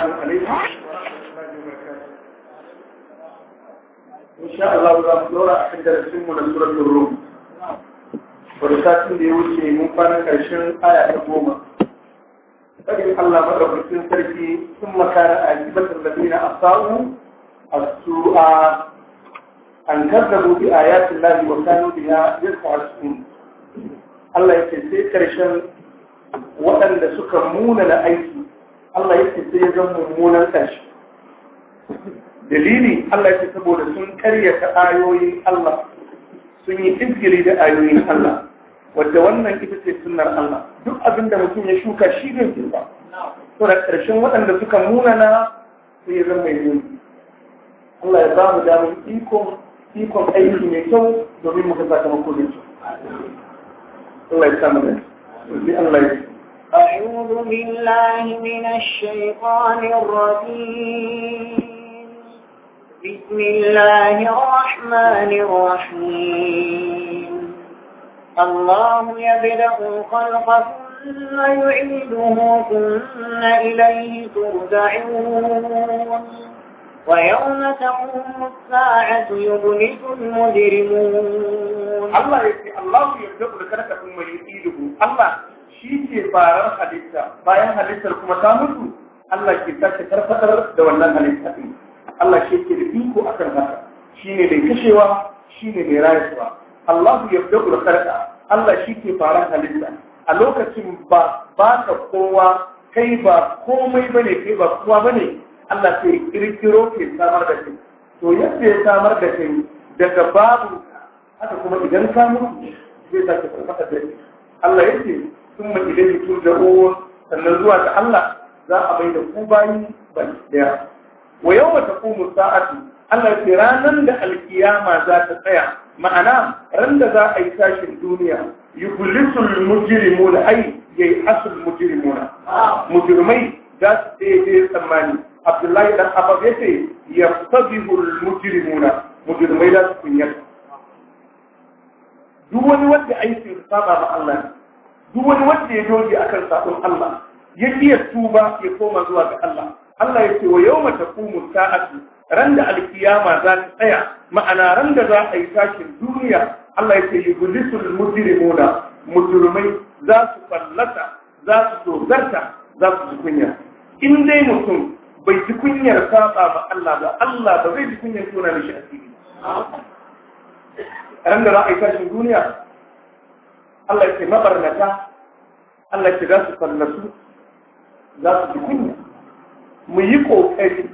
Wadatacin da ya wuce mun kwanan ƙarshen aya ta goma, ƙarfin Allah maɗaukacin sarki sun makara a yi ba tallafi na asa'u a su a an karsa gobe ya tallafi wa kano da ya yarka a su. Allah ya ce sai ƙarshen waɗanda suka muna na aiki Allah ya ce sai ya zan mummunan ƙarshe dalili Allah ya ce saboda sun karyata ayoyin Allah sun yi izgiri da ayoyin Allah wadda wannan ita ce sunnar Allah duk abin da mutum ya shuka shi zai girba to da ƙarshen waɗanda suka munana sai ya zama mai muni Allah ya ba mu damar ikon ikon aiki mai kyau domin mu ga sakamako mai kyau Allah ya sa mu da Allah ya أعوذ بالله من الشيطان الرجيم بسم الله الرحمن الرحيم الله يبدأ الخلق ثم يعيده ثم إليه ترجعون ويوم تقوم الساعة يبلغ المجرمون الله يبدأ الخلق ثم يعيده الله shi ke farar halitta bayan halittar kuma ta mutu Allah ke sake karfatar da wannan halitta din Allah shi ke da iko akan haka shine mai kashewa shine mai rayuwa Allah ya da sarka. Allah shi ke farar halitta a lokacin ba ba ka kowa kai ba komai bane kai ba kowa bane Allah sai kirkiro ke samar da kai to yadda ya samar da kai daga babu haka kuma idan ka mutu zai sake karfatar da kai Allah yake ثم إليه ترجعون فالنزوع تعالى ذا أبيد كوباي بل إياه ويوم تقوم الساعة Allah ce ranar da alkiyama za ta tsaya ma'ana ran da za a yi tashin duniya yubulisul mujrimun ai yayi asul mujrimuna mujrimai za su je tsammani Abdullahi dan Abbas yace yaftabihul mujrimuna mujrimai za su kunyata duk wani wanda aikin saba ma Allah duk wani wanda ya doge akan sabon Allah ya iya tuba ya koma zuwa ga Allah Allah ya ce wa yau mata taqumu sa'atu ran da alkiyama za ta tsaya ma'ana ran da za a yi tashin duniya Allah ya ce yublisul mujrimuna mujrimai za su fallata za su dogarta za su ji kunya in dai mutum bai ji kunyar saba ba Allah ba Allah ba zai ji kunyar tona asiri ran da za a yi tashin duniya Allah ke mabarnata Allah ke za su fallasu za su kunya mu yi ƙoƙari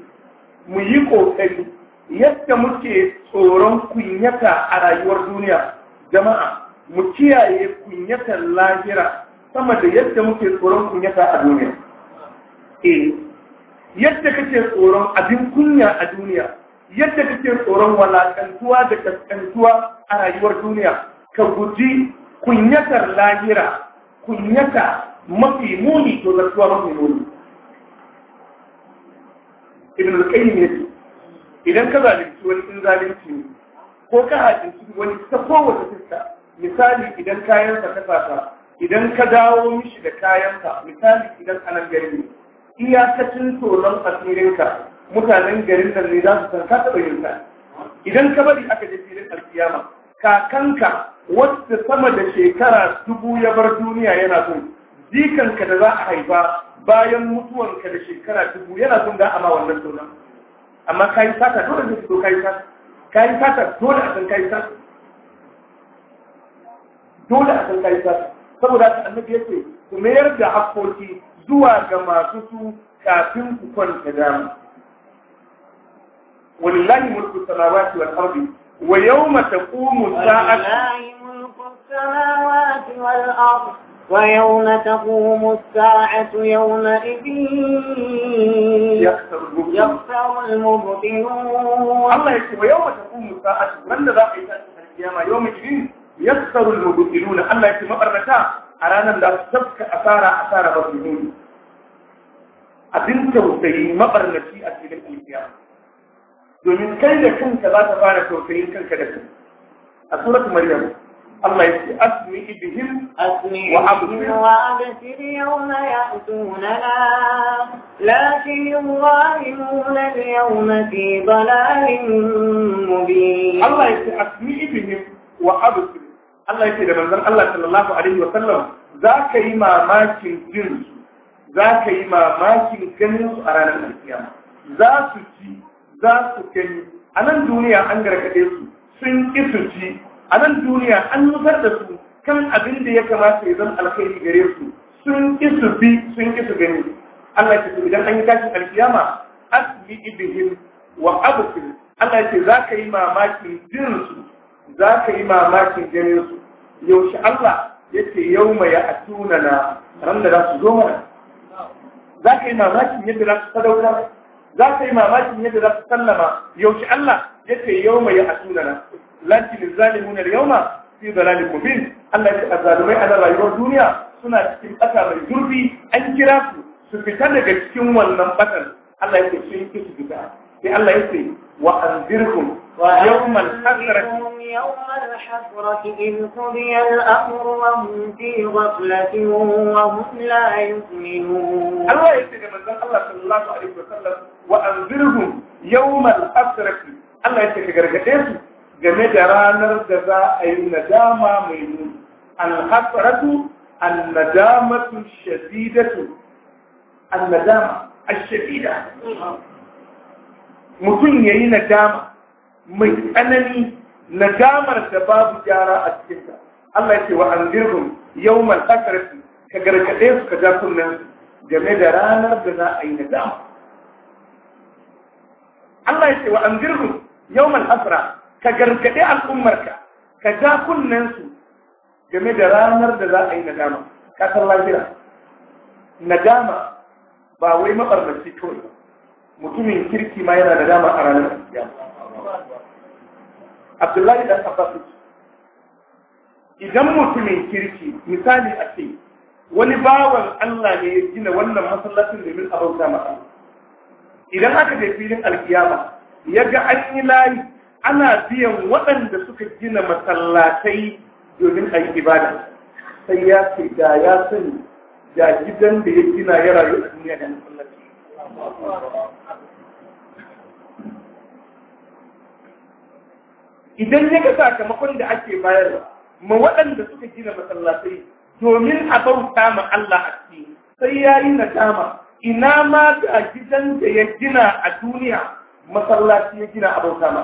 mu yi ƙoƙari yadda muke tsoron kunyata a rayuwar duniya jama'a mu kiyaye kunyatar lahira sama da yadda muke tsoron kunyata a duniya E, yadda kake tsoron abin kunya a duniya yadda kake tsoron walakantuwa da kaskantuwa a rayuwar duniya ka guji kunyatar lahira kunyata mafi muni to zartuwa mafi muni ibn al-qayyim yace idan ka zalunci wani in zalunci ne ko ka hajinci wani ta kowace fuska misali idan kayansa ka fata idan ka dawo mishi da kayansa misali idan anan gari ne iyakacin tsoron asirinka mutanen garin nan ne za su san ka taɓa yin idan ka bari aka je filin alkiyama kakanka wacce sama da shekara dubu ya bar duniya yana son jikanka da za a haifa bayan mutuwanka da shekara dubu yana son da ama wannan sunan amma ka yi sata dole ne su ka yi sata ka yi sata dole a san ka yi sata dole a san ka yi sata saboda annabi ya ce ku mayar da hakkoki zuwa ga masu su kafin ku kwanta dama wallahi mulku samawati wal ardi ويوم تقوم الساعة السماوات والأرض ويوم تقوم الساعة يومئذ يخسر المبطلون الله يكتب ويوم تقوم الساعة من ذا في القيامة يوم الدين يخسر المبطلون الله يكتب مبرتا أرانا لا تسبك أثار أثار بطلون أبنت وسيم مبرنتي أسئلة القيامة domin kai da kanka za ta fara tausayin kanka da kanka a suratul maryam Allah yake asmi bihim asmi wa abdi wa abdi yawma ya'tuna la lakin yuwahimuna yawma fi dalalin mubin Allah yake asmi bihim wa abdi Allah yake da manzon Allah sallallahu alaihi wa sallam zaka yi mamakin jin zaka yi mamakin ganin su a ranar kiyama za su ci za su kai. a nan duniya an gargaɗe su sun ƙi su ci a nan duniya an nutar da su kan abin da ya kamata ya zama alkhairi gare su sun ƙi su bi sun ƙi su gani Allah ya ce idan an yi tashin alkiyama asmi ibihim wa absir Allah ya ce za ka yi mamakin jin su za ka yi mamakin ganin su yaushe Allah ya ce yau mai ya atuna na ran da za su zo mana za ka yi mamakin yadda za su sadaukar za ka yi mamakin yadda za ka sallama yaushe Allah ya ce yau mai asunana lakin zalimuna da yauma fi dalalin mubin Allah ya ce azalumai ana rayuwar duniya suna cikin ƙasa mai zurfi an kira su su fita daga cikin wannan batan Allah ya ce sun ki su fita sai Allah ya ce wa anzirhum ويوم الحسرة يوم الحسرة إذ قضي الأمر وهم في غفلة وهم لا يؤمنون الله يسير من ذلك الله صلى الله عليه وسلم وأنذرهم يوم الحسرة الله يسير كرقتين game da ranar da za a yi nadama mai nuni alhasaratu annadamatu shadidatu annadama ashadida mutum yayi nadama mai tsanani nadamar da babu gyara a cikinta Allah ce wa anzirhum yawmal asrati ka gargade su ka ja kunnen game da ranar da za a yi nadama Allah yake ce wa anzirhum yawmal asra ka gargade al'ummarka ka ja kunnen su game da ranar da za a yi nadama ka san lafiya nadama ba wai mabarnaci kawai ba mutumin kirki ma yana da dama a ranar da ya kiyama abdullahi dan abbas idan mutumin kirki misali a ce wani bawan Allah ne ya gina wannan masallacin domin a bauta masa idan aka je filin alkiyama ya ga an yi layi ana biyan waɗanda suka gina masallatai domin a yi ibada sai ya ce da ya sani da gidan da ya gina ya rayu a duniya da masallaci idan ya ga sakamakon da ake bayarwa ma waɗanda suka gina masallatai domin a bauta ma Allah a ciki sai ya yi nadama ina ma ga gidan da ya gina a duniya masallaci ya gina a bauta ma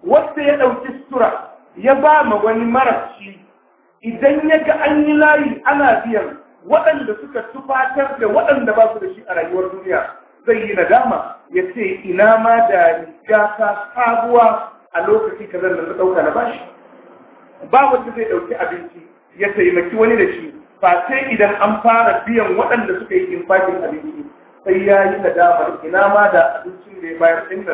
Wasu Wanda ya ɗauki sura ya ba ma wani marashi idan ya ga an yi layi ana biyan waɗanda suka tufatar da waɗanda ba su da shi a rayuwar duniya zai yi nadama ya ce ina ma da riga ta sabuwa a lokaci ka zan na ɗauka na bashi ba wanda zai ɗauki abinci ya taimaki wani da shi ba sai idan an fara biyan waɗanda suka yi infajin abinci sai ya yi nadama ina ma da abincin da ya bayar ɗin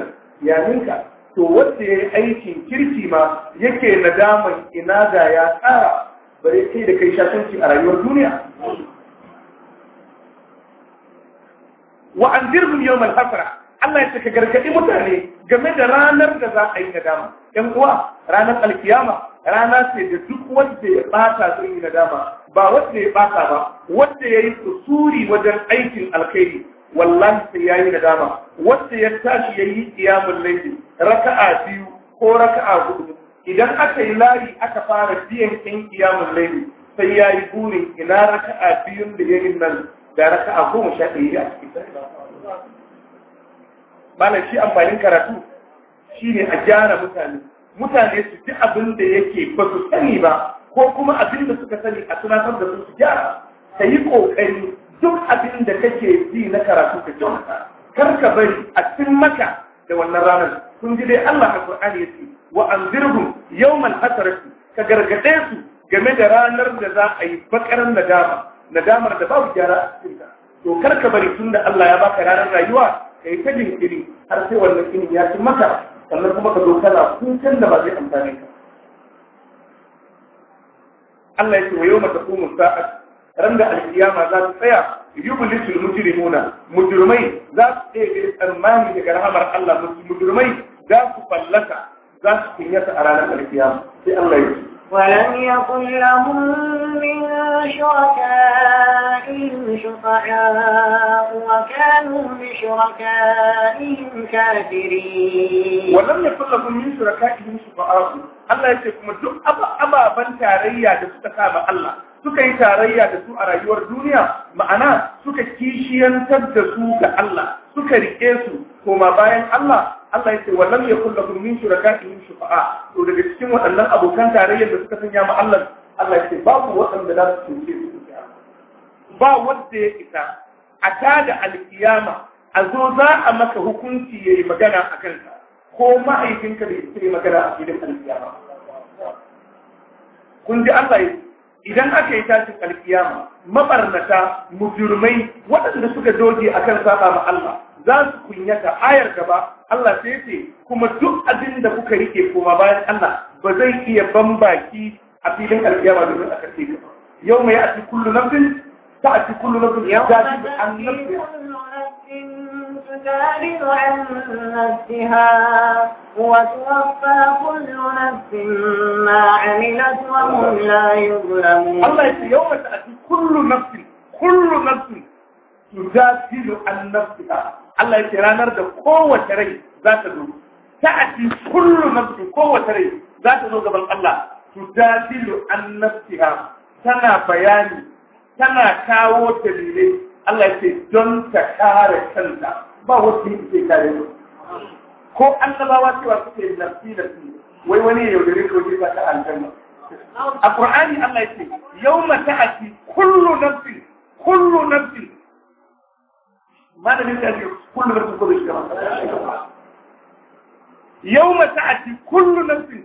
ya ninka to wanda ya yi aikin kirki ma yake nadaman ina ga ya tsara bare kai da kai shatanci a rayuwar duniya wa anzirhum yawmal hasra Allah ya saka gargaɗi mutane game da ranar da za a yi nadama yan uwa ranar alkiyama rana ce da duk wanda ya bata sun yi nadama ba wanda ya bata ba wanda ya yi kusuri wajen aikin alkhairi wallahi sai ya yi nadama wanda ya tashi ya yi kiyamun laifi raka'a biyu ko raka'a hudu idan aka yi layi aka fara biyan ɗin kiyamun laifi sai ya yi burin ina raka'a biyun da ya nan ga raka a goma sha a cikin malam shi amfanin karatu shi ne a gyara mutane mutane su ji abin da yake ba su sani ba ko kuma abin da suka sani a tunatar da su su gyara ka yi ƙoƙari duk abin da kake ji na karatu ka kyauta kar ka bari a cikin maka da wannan ranar kun ji dai Allah a ya ce wa anzirhum yawmal hasrati ka gargade su game da ranar da za a yi baƙar nadama nadamar da babu gyara a cikin ka to kar ka bari tun da Allah ya baka ranar rayuwa ka yi ta jinkiri har sai wannan ilimi ya ci maka sannan kuma ka zo kana kukan da ba zai amfane ka Allah ya ce wa yau mata kumun sa'a ran da alkiyama za ta tsaya yublisul mujrimuna mujrimai za su da tsammani daga rahamar Allah mujrimai za su fallaka za su kinyata a ranar alkiyama sai Allah ya ce ولم يكن لهم من شركائهم شفعاء وكانوا بشركائهم كافرين ولم يكن لهم من شركائهم شفعاء Allah ya ce kuma duk ababen tarayya da suka saba Allah suka yi tarayya da su a rayuwar duniya ma'ana suka kishiyantar da su ga Allah suka rike su koma bayan Allah Allah ya ce wallam yakul lahum min shufa'a to daga cikin waɗannan abokan tarayyar da suka sanya ma Allah Allah ya ce ku waɗanda za su cuce su ba wanda ya isa a ta da alkiyama a zo za a maka hukunci yayi magana a kanka ko ma'aikinka da ya magana a filin alkiyama kun ji Allah ya idan aka yi tashin alkiyama mabarnata mujurmai waɗanda suka doge kan saba ma Allah za su kunyata ayar gaba Allah sai ce kuma duk abin da kuka rike koma bayan Allah ba zai iya bambaki a filin alkiyama domin a karfe gaba yau mai a cikin kullu nafsin ta a cikin kullu nafsin ya ji an nafsin تعرض عن نفسها وتوفى كل نفس ما عملت وهم لا يظلمون الله يوم تأتي كل نفس كل نفس تجادل عن نفسها الله يترانر ده قوة رأي ذات الروح تأتي كل نفس قوة رأي ذات الروح قبل الله تجادل عن نفسها تنا بياني tana kawo dalilai Allah ce don ta kare kanta ba wacce yake ke kare su ko annabawa cewa suke nafsi nafsi wai wani ya yaudare ko ji ba ta aljanna a qur'ani Allah ya yake yawma ta'ati kullu nafsin kullu nafsin malamin da yake kullu nafsin ko da shi yawma ta'ati kullu nafsin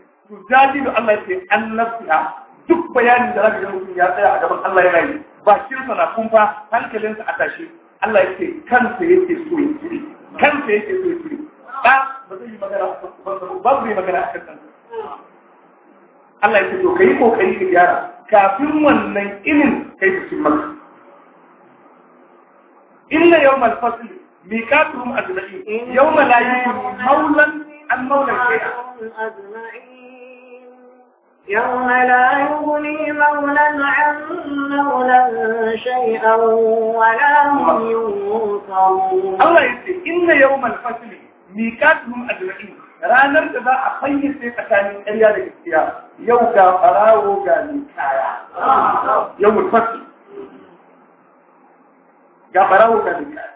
da Allah ya ce an nafsiha duk bayanin da zaka ga mutum ya tsaya a gaban Allah yana yi ba shirka na kumfa hankalinsa a tashe Allah yake kansa yake so ya cire kansa yake so ya cire ba ba zai yi magana ba zai magana a kan kansa Allah yake to kai kokari ka gyara kafin wannan ilin kai ka cimma inna yawmal fasl miqatuhum ajma'in yawma la yakunu hawlan an mawlan shay'a يوم لا يغني مولا عن مولا شيئا ولا هم ينصرون الله يقول إن يوم الفصل ميقاتهم أجمعين ranar da za a fayyace tsakanin ƙarya da gaskiya yau ga farawo ga mai kaya yau mutfasi ga farawo ga mai kaya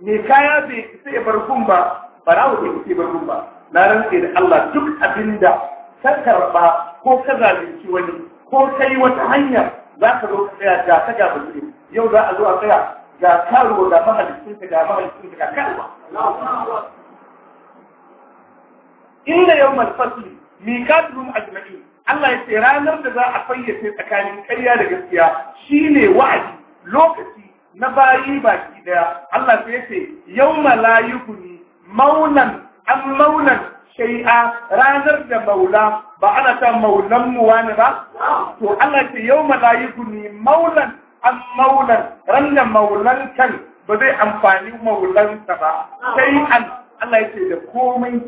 mai kaya bai isa ya bar ba farawo bai isa ya bar ba na rantse da Allah duk abinda ka karɓa ko ka zalunci wani ko kai wata hanya za ka zo ka tsaya ga ta ga bazuri yau za a zo a tsaya ga karuwa ga mahalicinka ga mahalicinka ga karuwa yau yawmal fasli miqatuhum ajma'i Allah ya ce ranar da za a fayyace tsakanin ƙarya da gaskiya shine wa'adi lokaci na bayi baki daya Allah sai ya ce yau la maunan an maunan shay'a ranar da maula ba ana ta maulan mu wani ba to Allah ce yau malayiku ni maulan an maulan ran da maulan kan ba zai amfani maulan ta ba an Allah ya ce da komai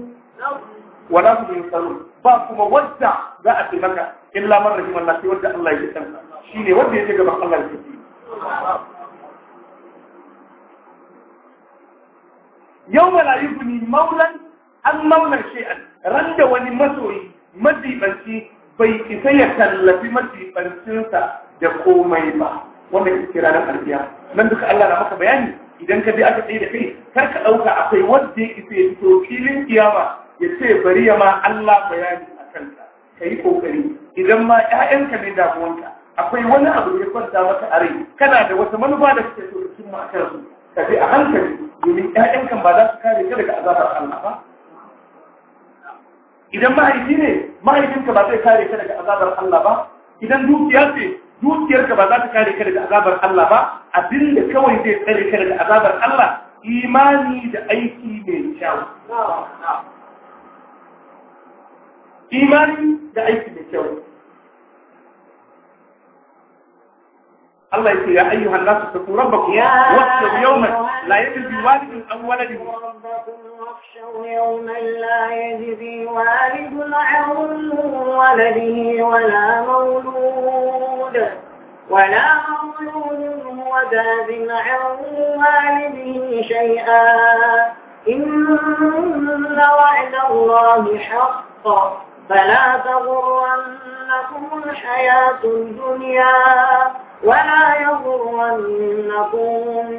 wala su yin tsaro ba kuma wadda za a taimaka illa man rahim Allah sai wadda Allah ya san shine wanda ya je gaban Allah yake Yau yawma la yughni maulan an mauna shi an da wani masoyi madibanci bai isa ya tallafi madibancinsa da komai ba wanda ke kira da nan duka Allah na maka bayani idan ka bi aka tsaye da kai kar ka ɗauka akwai wanda ya isa ya fito filin kiyama ya ce bari ya ma Allah bayani a kanka ka yi ƙoƙari idan ma ‘ya'yanka ne damuwanka akwai wani abu da ya kwanta maka a rai kana da wata manufa da kake so ka cimma a kansu ka bi a hankali domin ‘ya'yanka ba za su kare ka daga azabar Allah ba idan mahaifi ne mahaifinka ba zai kare ka daga azabar Allah ba idan dukiya ce dukiyarka ba za ta kare ka daga azabar Allah ba abin da kawai zai kare ka daga azabar Allah imani da aiki mai kyau imani da aiki mai kyau Allah ya يقول يا أيها الناس اتقوا ربكم واخشوا يوما لا يجد والد an ولد واخشوا يوما لا يجزي والد عن ولده ولا مولود ولا مولود هو جاز عن والده شيئا إن وعد الله حق فلا تغرنكم الحياة الدنيا ولا يغرنكم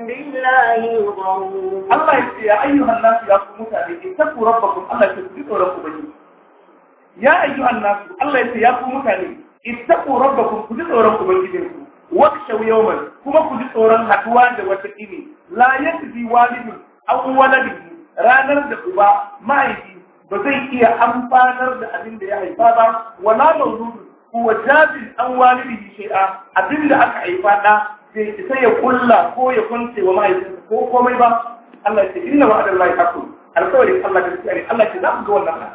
بالله الغرور الله يقول يا أيها الناس يا أخو متعلمين اتقوا ربكم الله يتقوا ربكم يا أيها الناس الله يقول يا أخو متعلمين اتقوا ربكم كتقوا ربكم جدكم واخشوا يوما كما كتقوا ربكم حتوان وتقيني لا يجزي والد أو ولد ranar da uba mahaifi ba zai iya amfanar da abin da ya haifa ba wala mawludun huwa jazin an walidihi shay'a abinda aka haifa da bai isa ya kulla ko ya kunce wa mahaifinsa ko komai ba Allah ya ce inna wa'ada Allah haqqun alƙawarin Allah gaskiya ne Allah ya za ku ga wannan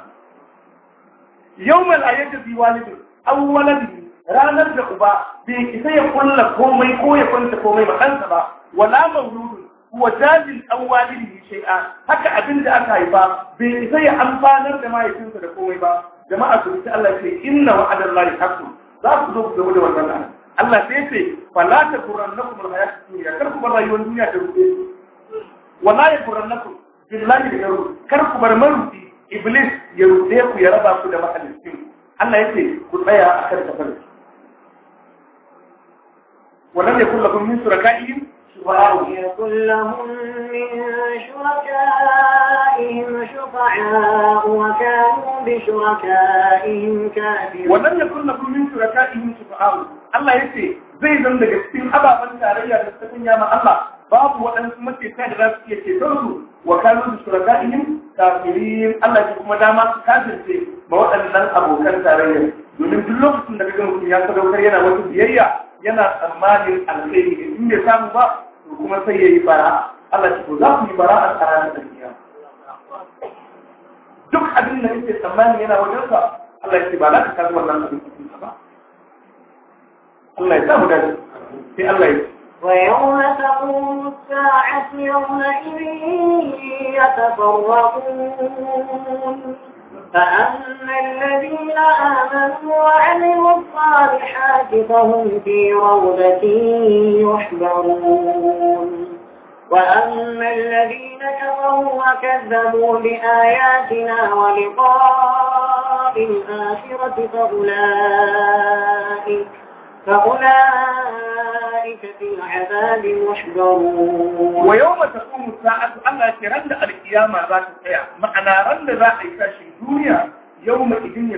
yawmal ayati walidi aw waladihi ranar da uba bai isa ya kulla komai ko ya kwanta komai ba kansa ba wala mawludun wa jazil an walidihi shay'a haka abin da aka haifa bai isa ya amfanar da mahaifinsa da komai ba jama'a su bi Allah ce inna wa'adallahi haqqun za ku zo ku da wannan nan Allah sai ce fala na kurannakum alhayat dunya kar ku bar rayuwar duniya ta rufe wala ya kurannakum billahi da yaro kar ku bar maruti iblis ya rufe ku ya raba ku da mahallin Allah ya ce ku tsaya akan tafarki ولم يكن لكم min شركائهم ولم يكن لهم من شركائهم شفعاء وكانوا بشركائهم كافرين zai zan daga cikin ababen tarayya da suka sanya ma Allah babu waɗansu mateka da za su iya ceton su wa kanu da shuraka'ihim kafirin Allah ya kuma dama su kafirce ma waɗannan abokan tarayya domin duk lokacin da ka mutum ya sadaukar yana wata biyayya yana tsammanin alkhairi in bai samu ba kuma sai ya yi bara Allah ce za ku yi bara a tsara duniya duk abin da nake tsammani yana wajensa Allah ya ce ba za ka kasu wannan abin ba Allah ya sa mu dace sai Allah ya ويوم تقوم الساعة يومئذ يتفرقون فأما الذين آمنوا وعملوا الصالحات فهم في روضة يحبرون وأما الذين كفروا وكذبوا بآياتنا ولقاء الآخرة فأولئك, فأولئك أولئك في العذاب محضرون ويوم تقوم الساعة ألا ترند القيامة ذات الساعة معنى رند ذات إيشاش الدنيا يوم إذن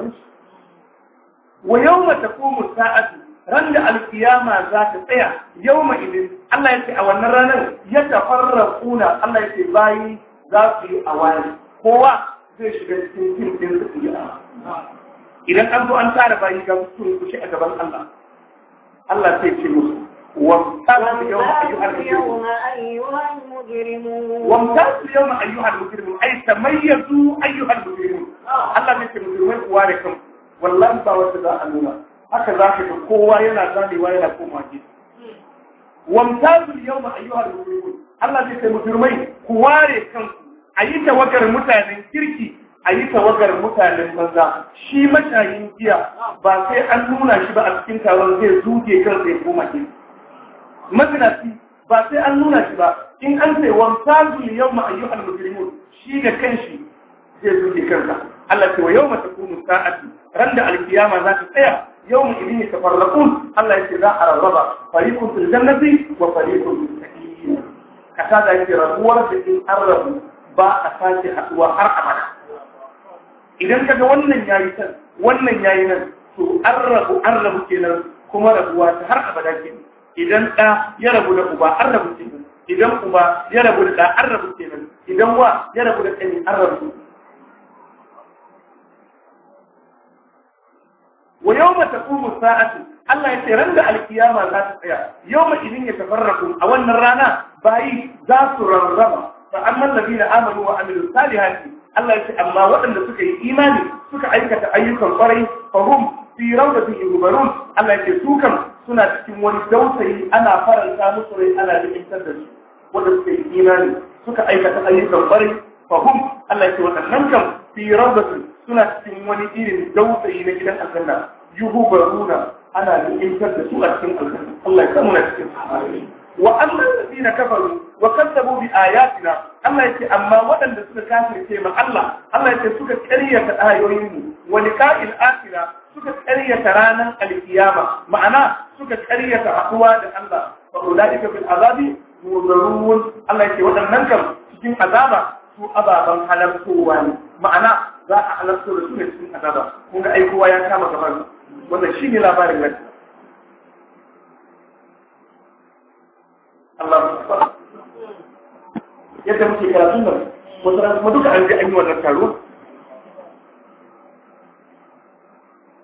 shi wa yawma taqumu sa'atu ran Allah yace a wannan ranar ya tafarraƙuna Allah yace bayi za su kowa idan an zo an tara bayi ga mutum ku a gaban Allah Allah sai ce musu wamtasu yau ma ayyuha al-mujrimun ay tamayyazu ayyuha al-mujrimun Allah ne ke mujrimai kuwa da kan wallan ba wata za a nuna haka za ka ga kowa yana zanewa yana koma gidi wamtasu yau ma ayyuha al Allah ne ke mujrimai kuwa da kan a yi tawagar mutanen kirki a yi tawagar mutanen banza shi mashayin giya ba sai an nuna shi ba a cikin taron zai zuge kan sai koma ke mazinaci ba sai an nuna shi ba in an sai wamsa ne yau ma ayyukan mujrimun shi kan kanshi zai zuge kansa Allah ce wa yau mata kunu sa'ati ran da alkiyama za ta tsaya yau mu ta farlaƙun. Allah ya ce za a rarraba fariqun fil jannati wa fariqun fil sa'ir kasa da yake rabuwar da in an rabu ba a sake haɗuwa har abada idan kaga wannan yayi san wannan yayi nan to an rabu an rabu kenan kuma rabuwa ta har abada kenan idan ɗa ya rabu da uba an rabu kenan idan uba ya rabu da ɗa an rabu kenan idan wa ya rabu da ƙani an rabu wa yau ba ta sa'atu Allah ya ce ran da alkiyama za ta tsaya yau ma idin ya tafarraku a wannan rana bayi za su rarraba fa amman ladina amanu wa amilus salihati Allah ya ce amma waɗanda suka yi imani suka aikata ayyukan kwarai fa hum fi Allah ce su suna cikin wani dausayi ana faranta musu rai ana rikintar da su wanda suka yi imani suka aikata ayyukan kwarai fa hum Allah ce waɗannan kan fi suna cikin wani irin dausayi na gidan aljanna yubaruna ana rikintar da su a cikin Allah na cikin amin wa amma alladhina kafaru wa kazzabu bi ayatina Allah yake amma waɗanda suka kafirce ma Allah Allah yake suka ƙaryata ayoyin mu wa liqa'il akhirah suka ƙaryata ranar alkiyama ma'ana suka ƙaryata haƙuwa da Allah fa ulaika bil azabi mudarrun Allah yake waɗannan kam cikin azaba su ababan halartowa ne ma'ana za a halarto da su ne cikin azaba kun ga ai kowa ya kama gaban wannan shine labarin nan yadda muke karatun nan wasu ran kuma duka an je an yi wannan taro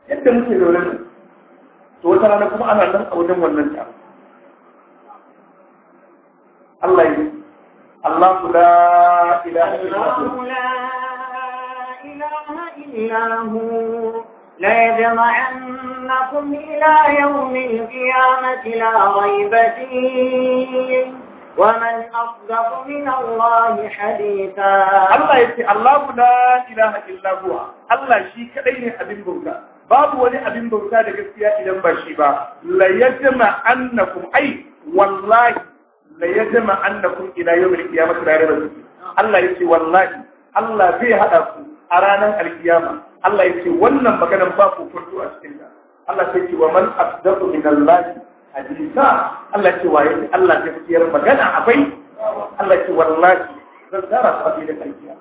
yadda muke zaune nan to wata rana kuma ana nan a wajen wannan taro Allah yi Allah ku la ilaha illa hu ليجمعنكم إلى يوم القيامة لا ريب فيه ومن أصدق من الله حديثا الله يتي الله لا إله إلا هو الله شيء كأين أبن بوتا باب ولي أبن بوتا لقسيا إلى بشيبا ليجمعنكم أي والله ليجمعنكم إلى يوم القيامة لا ريب فيه الله يتي والله الله بيها أكو أرانا القيامة Allah yake wannan maganar ba ku kwanto a cikin ta Allah ya ce wa man asdaqu min Allah hadisa Allah ce wa yake Allah gaskiyar magana akwai Allah ce wallahi zan tara su a filin alkiya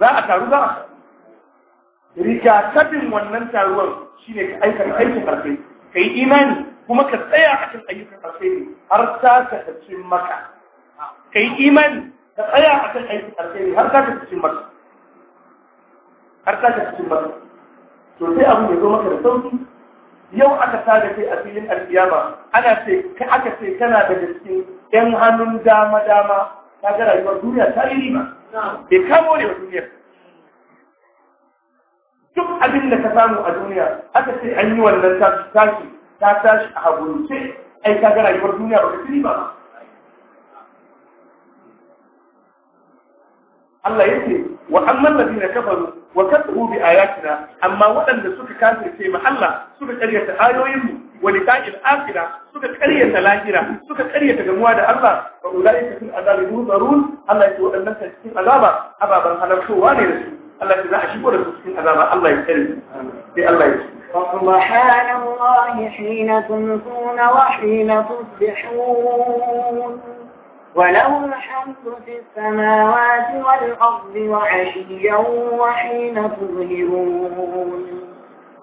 za a taru za a rigakafin wannan shi shine ka aikata aikin karfe ka yi imani kuma ka tsaya a kan ayyukan alkhairi har ta ka tafi maka kai imani ka tsaya a kan ayyukan alkhairi har ta ka tafi maka har ka cikin masu to sai abin ya zo maka da sauki yau aka sada kai a filin alkiyama ana ce aka ce kana daga cikin yan hannun dama dama ta ga rayuwar duniya ta yi rima bai kamo ne wa duniyar duk abin da ka samu a duniya aka ce an yi wannan tashi tashi ta tashi a hagunce ai ka ga rayuwar duniya ba ka ci riba ba Allah ya ce wa amman ladina kafaru wa kadhu bi ayatina amma waɗanda suka kafirce mu Allah suka karyata ayoyin mu wa liqa'il akhirah suka karyata lahira suka karyata gamuwa da Allah fa ulaika fil azabi mudarun Allah ya waɗannan ta cikin azaba ababan halartowa ne da su Allah ya za a shigo da su cikin azaba Allah ya tsare sai Allah ya tsare فسبحان الله حين تمسون وحين وله الحمد في السماوات والأرض وعشيا وحين تظهرون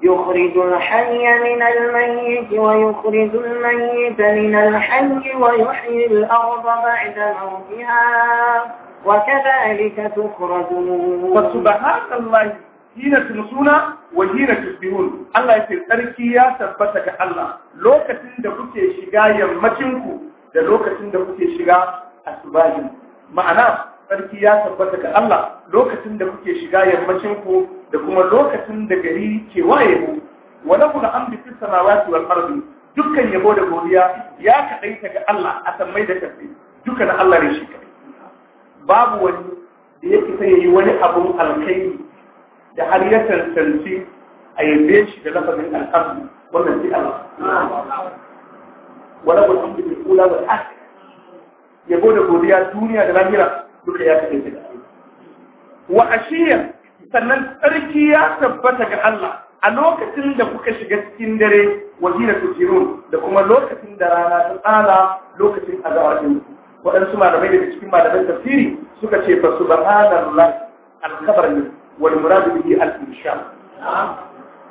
يخرج الحي من الميت ويخرج الميت من الحي ويحيي الأرض بعد موتها وكذلك تخرجون فسبحان الله حين تنسون وحين تصبحون الله يتركي يا ثبتك الله لو كتن دكتي شغايا متنكو da lokacin da kuke shiga a subahin ma'ana sarki ya tabbata ga Allah lokacin da kuke shiga yammacin ku da kuma lokacin da gari ke waye ku wa lahu al-amru fis samawati wal ardi dukkan yabo da godiya ya ta ga Allah a sammai da kafi duka Allah ne shi kai babu wani da yake sai yayi wani abun alkhairi da har ya tantance a yabe shi da lafazin alhamdu wannan shi Allah wala ko tun bi kula ba ta godiya duniya da lahira duka ya kace ta wa sannan tsarki ya tabbata ga Allah a lokacin da kuka shiga cikin dare wahina tujirun da kuma lokacin da rana ta tsala lokacin azawatin waɗansu malamai daga cikin malaman tafsiri suka ce fa subhanallah al-khabar ne wal murad bihi al-insha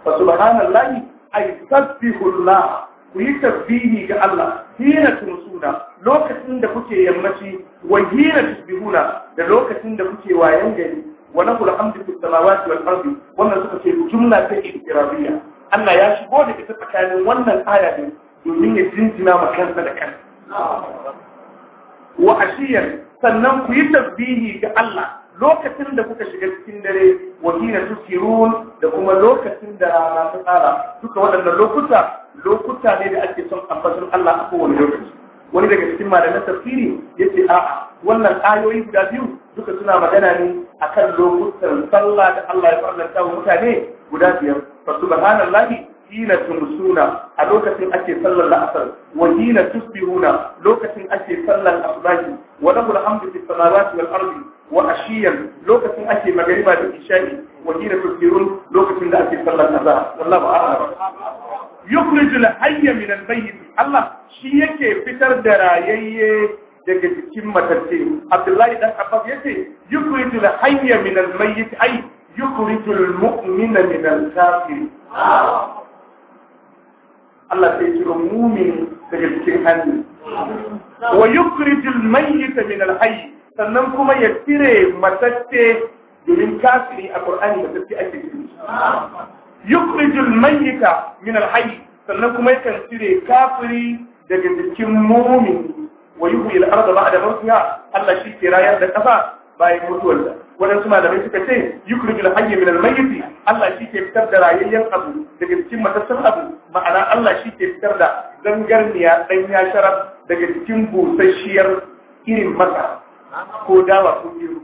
fa subhanallah ay tasbihu Allah ku yi tasbihi ga Allah hina tumsuna lokacin da kuke yammaci wa hina tusbihuna da lokacin da kuke wayan gari wa lahu alhamdu fis samawati wal ardi wannan suka ce jumla ta iktirabiyya Allah ya shigo da ita tsakanin wannan aya ne domin ya jinjina ma kansa da kansa wa ashiyan sannan ku yi tasbihi ga Allah lokacin da kuka shiga cikin dare wakila tusirun da kuma lokacin da rana ta tsara duka waɗannan lokuta lokuta ne da ake son ambaton Allah a kowane lokaci wani daga cikin malaman tafsiri ce a'a wannan ayoyi guda biyu duka suna magana ne akan lokutan sallah da Allah ya faranta wa mutane guda biyar fa subhanallahi hina tumsuna a lokacin ake sallar la'asar wa hina tusbihuna lokacin ake sallar asbahi wa lahu alhamdu fis samawati wal ardi wa ashiyan lokacin ake magariba da isha'i wa hina tusirun lokacin da ake sallar azhar wallahu a'lam yukhrijul hayya min al-mayyit Allah shi yake fitar da rayayye daga jikin matacce Abdullahi dan Abbas yace yukhrijul hayya min al-mayyit ay yukhrijul mu'mina min al-kafir Allah sai ciro mumin daga hannu wa yukhrijul mayyita min sannan kuma ya cire matacce domin kafiri a Qur'ani matacce ake cire yukrijul mayyita min alhayy sannan kuma yakan cire kafiri daga jikin mumin wa yuhyil arda ba'da mawtiha Allah shi ke rayar da kafa bayan mutuwarsa waɗansu malamai suka ce yukrijul hayy min almayyit Allah shi ke fitar da rayayyen abu daga cikin matattar abu ma'ana Allah shi ke fitar da zangarniya dan ya sharaf daga cikin busasshiyar irin masa ko dawa ko gero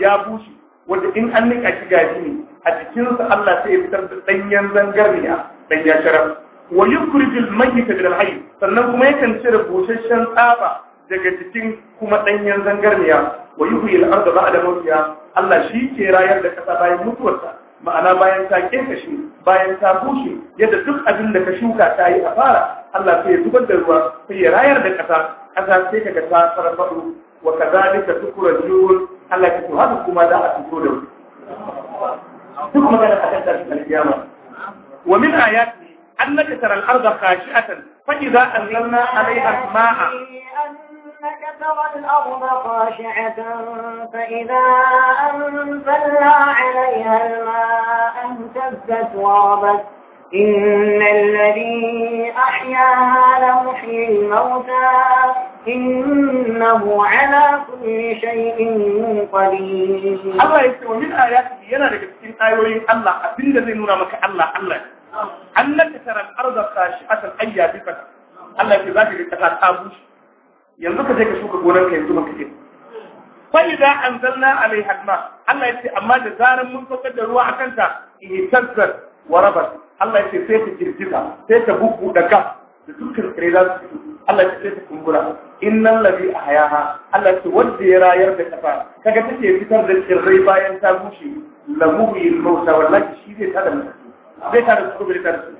ya bushe wanda in an nika shi gaji ne a jikinsa Allah sai ya fitar da danyen zangarniya dan ya sharaf wa yukhrijul mayyita min al-hayy sannan kuma yakan cire busashen tsafa daga jikin kuma danyen zangarniya wa yuhyil arda ba'da mawtiha Allah shi ke rayar da kasa bayan mutuwarsa ma'ana bayan ta kekashe bayan ta bushe yadda duk abin da ka shuka ta yi a fara Allah sai ya zubar da ruwa sai ya rayar da kasa kasa sai kaga ta farfado وكذلك تكر الجول التي تهدف ماذا تكره تكر ومن آياته أنك ترى الأرض خاشعة فإذا أنزلنا عليها الماء أنك ترى الأرض خاشعة فإذا أنزلنا عليها الماء انتزت وابت إن الذي أحياها لمحيي الموتى إنه على كل شيء قدير الله يسوى من آياته ينا لكتين آيوين الله أبن الذي نونا مك الله الله أنك ترى الأرض خاشعة أيا بفتح الله في ذاك الاتقاء تابوش ينزل كذلك شوك قولنك ينزل فإذا أنزلنا عليها الماء الله يسوى أما جزارا Allah ya ce sai ta girgiza sai ta bugu da ka da dukkan tsire za su Allah ya ce sai ta kumbura innal ladhi ahyaha Allah ya ce wanda ya rayar da kafa kaga take fitar da tsirrai bayan ta bushe la muhyil mauta wallahi shi zai tada mutum zai tada su gobe tada su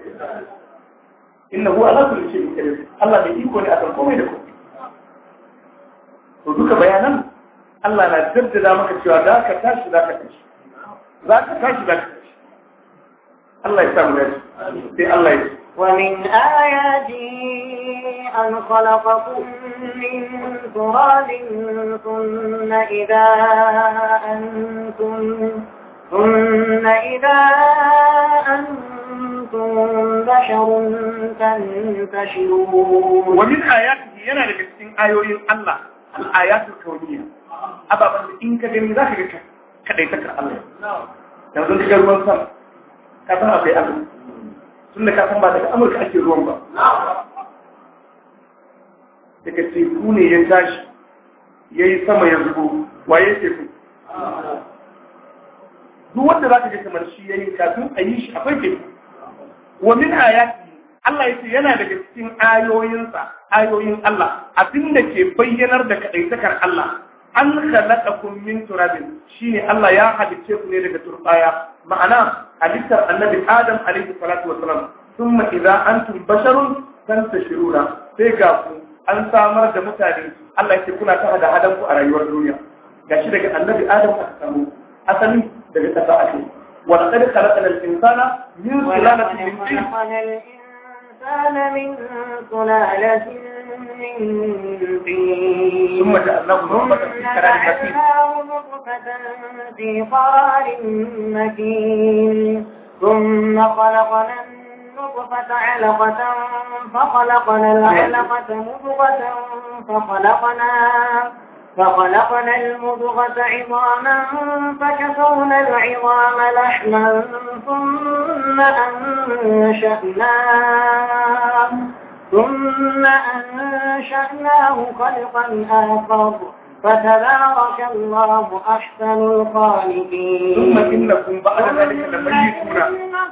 innahu ala kulli shay'in qadir Allah bai iko ne akan komai da komai to duka bayanan Allah na jaddada maka cewa za ka tashi za ka tashi za ka tashi za ka tashi الله يسامح لك في الله يسامح ومن آياته أن خلقكم من تراب ثم إذا أنتم ثم إذا أنتم بشر تنتشرون ومن آياته ينا لكتين آيوين الله الآيات الكونية أبا بس إنك جميل ذاك كده يتكر الله يوزن تكر من سمع ka san akwai azumi tunda ka san ba daga amurka ake ruwan ba daga teku ne ya tashi ya yi sama ya zubo waye teku duk wanda za ka ga kamar shi ya yi kafin a yi shi akwai teku wa min ayati Allah ya ce yana daga cikin ayoyinsa ayoyin Allah abinda ke bayyanar da kaɗaitakar Allah an khalaqakum min turabin shine Allah ya halice ku ne daga turbaya ma'ana halittar annabi adam alaihi salatu wasalam thumma idza antum basharun tantashiruna sai ga ku an samar da mutane Allah yake kuna ta hada hadan ku a rayuwar duniya Ga shi daga annabi adam aka samu asalin daga kasa ake wa laqad khalaqna al-insana min sulalatin min tin كان من سلالة من طين ثم جعلناه نطفة في قرار مكين ثم خلقنا النطفة علقة فخلقنا العلقة مضغة فخلقنا فخلقنا المضغة عظاما فكسونا العظام لحما ثم أنشأناه ثم أنشأناه خلقا آخر فتبارك الله أحسن الخالقين ثم إنكم بعد ذلك لميتون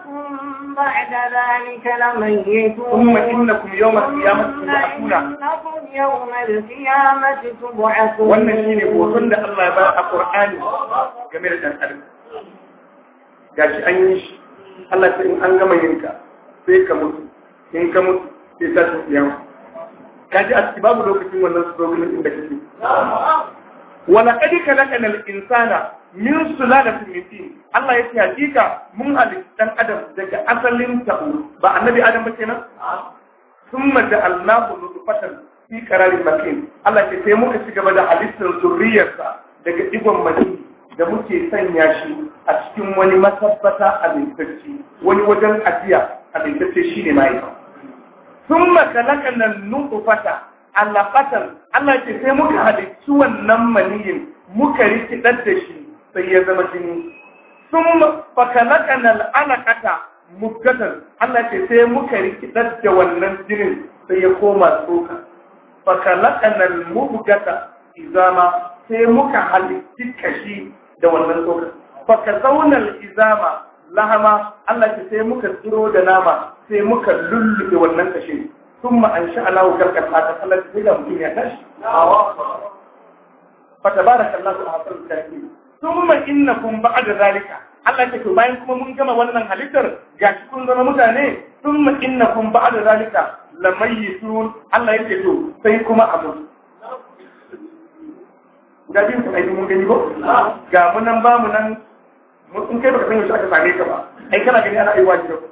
ثم بعد ذلك لميتون ثم إنكم يوم القيامة تبعثون إنكم يوم القيامة تبعثون والنشين بوطن الله يبارك القرآن جميل الأنسان gashi an yi shi Allah sai in an gama yinka sai ka mutu in ka mutu sai ta tafiya ji a babu lokacin wannan su zo inda kake wala kadi kalakana insana min sulalatin min tin Allah yace hakika mun halitta dan adam daga asalin ta ba annabi adam ba kenan thumma ja'alnahu nutfatan fi qararin makin Allah ce sai muka cigaba da halittar zurriyarsa daga digon mani da muke sanya shi a cikin wani masabbata a wani wajen ajiya a shine mahaifa sun makalaka na nufufata alaƙatan Allah ce sai muka halicci wannan maniyin muka ɗan da shi sai ya zama jini sun fakalaka na alaƙata mugatan Allah ce sai muka ɗan da wannan jinin sai ya koma tsoka fakalaka na mukata izama sai muka cika shi da wannan tsoka zaunar izama lahama Allah ce sai muka tsiro da nama sai muka lullube wannan kashe sun ma'an sha'alawu karkata ta sanar sai da mutum ya tashi فتبارك ma أحسن kun ba a da zalika Allah ta ke bayan kuma mun gama wannan halittar ga kun zama mutane kun ba a da zalika sun Allah ya yake to sai kuma abu ga bin ku aiki mun gani ko ga munan nan ba mu nan in kai baka san shi aka same ka ba ai kana gani ana aiwa ki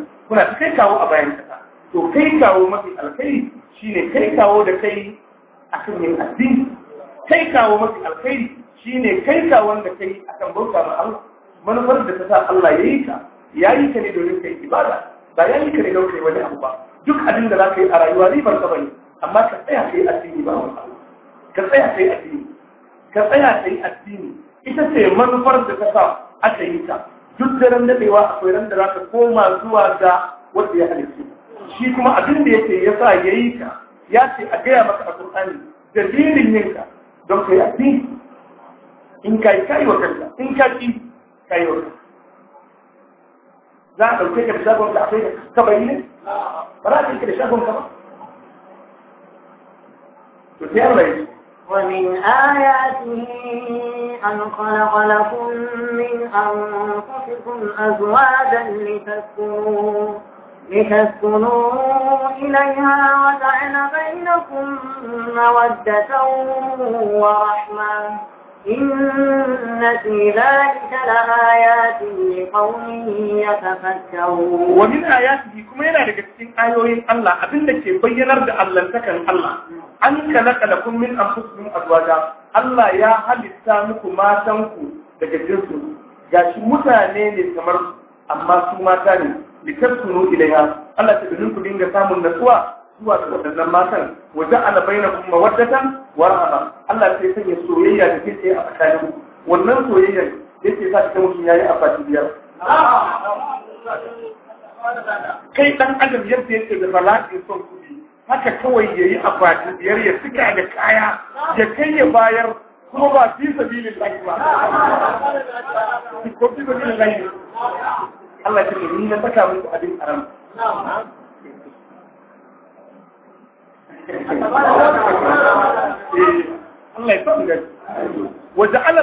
kuna ta kai kawo a bayan kasa to kai kawo mafi alkhairi shine kai kawo da kai akan yin addini kai kawo mafi alkhairi shine kai kawon da kai akan bauta ma Allah manufar da ta sa Allah yi ka ya yi ka ne domin kai ibada ba ya yi ka ne don kai wani abu ba duk abin da za ka yi a rayuwa ribar ka bane amma ka tsaya kai addini ba wani ka tsaya kai addini ka tsaya kai addini ita ce manufar da ta sa aka yi ka. duk da ran akwai ran da za ka koma zuwa ga wanda ya halitta shi kuma abin da yake ya sa ya yi ka ya ce a gaya maka a Kur'ani dalilin yin ka don ka yi addini in ka yi kayi wa kanka in ka ki kayi wa kanka za a ɗauke ka da shagon ka akwai ka bayi ne ba za ka yi ka da shagon ka ba to sai Allah ومن آياته أن خلق لكم من أنفسكم أزواجا لتسكنوا, لتسكنوا إليها وجعل بينكم مودة ورحمة إن في ذلك لآيات لقوم يتفكرون ومن آياته كما ينا لكتين آيوين الله أبن لك بينا رد الله سكن الله أنك لك لكم من أنفسكم أزواجا الله يا هل سامكم ما تنكو لك jinsu جاش mutane ne أما سوما تاني mata إليها الله تبنوك دينك Allah ta zuwa ga waɗannan matan wa ja'ala bainakum mawaddatan wa rahma Allah sai sanya soyayya da kike a tsakanin wannan soyayyar yake sa ta mutum yayi a fati biyar kai dan adam yadda yake da bala'i son kuɗi haka kawai yayi a fati biyar ya sika da kaya ya kai ya bayar kuma ba fi sabilin lahi ba ko fi sabilin lahi Allah ya ce ni na saka muku abin haram Waje ya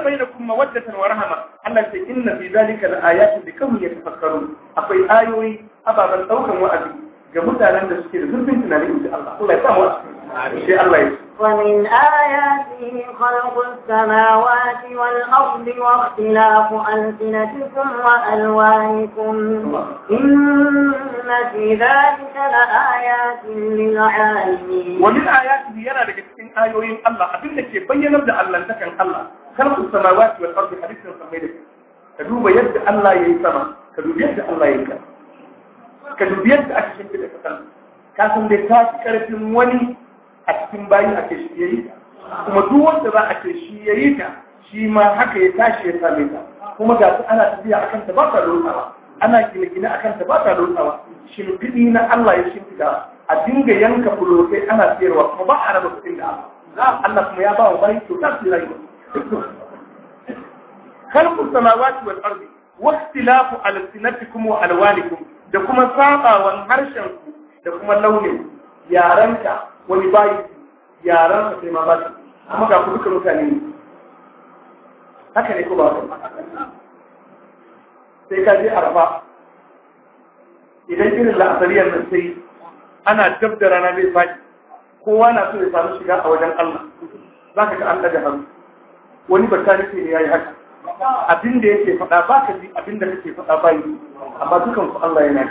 san kuma wa rahma Allah ya inna fi dhalika la ayatin li qaumin tafakkaru. akwai ayoyi ababen ɗaukan wa'azi ga mutanen da suke da zurfin tunanin da Allah Allah ya samu sai Allah ya ومن آياته خلق السماوات والأرض واختلاف ألسنتكم وألوانكم إن في ذلك لآيات للعالمين ومن آياته يرى لك إن آيوين الله أبنك يبين أبدا الله لكن الله خلق السماوات والأرض حديث سميلك تدوب يد الله يسمى تدوب يد الله يسمى ka dubi yadda aka shimfi da kasan ka san da ta fi karfin wani a cikin bayi ake ce shi yayi ta kuma duk wanda za a ce shi yayi ta shi ma haka ya tashi ya same ta kuma ga ana tafiya akan ta ba ta lotsawa ana gine-gine akan ta ba ta lotsawa shimfiɗi na Allah ya shimfiɗa a dinga yanka fulotai ana siyarwa kuma ba a raba kuɗin da Allah Allah kuma ya ba wa bayi kyauta su rayuwa خلق السماوات والأرض واختلاف ألسنتكم وألوانكم da kuma sabawan harshen da kuma launin ka wani bayi yaren ka sai ma ba su kuma ga ku duka mutane ne haka ne ko ba ku sai ka je araba idan irin la'asariyar nan sai ana dab da rana mai faɗi kowa na so ya samu shiga a wajen Allah za ka ga an ɗaga hannu wani batta nake ne ya yi haka abin da yake faɗa ba ka ji abin da kake faɗa ba yi amma dukan ku Allah yana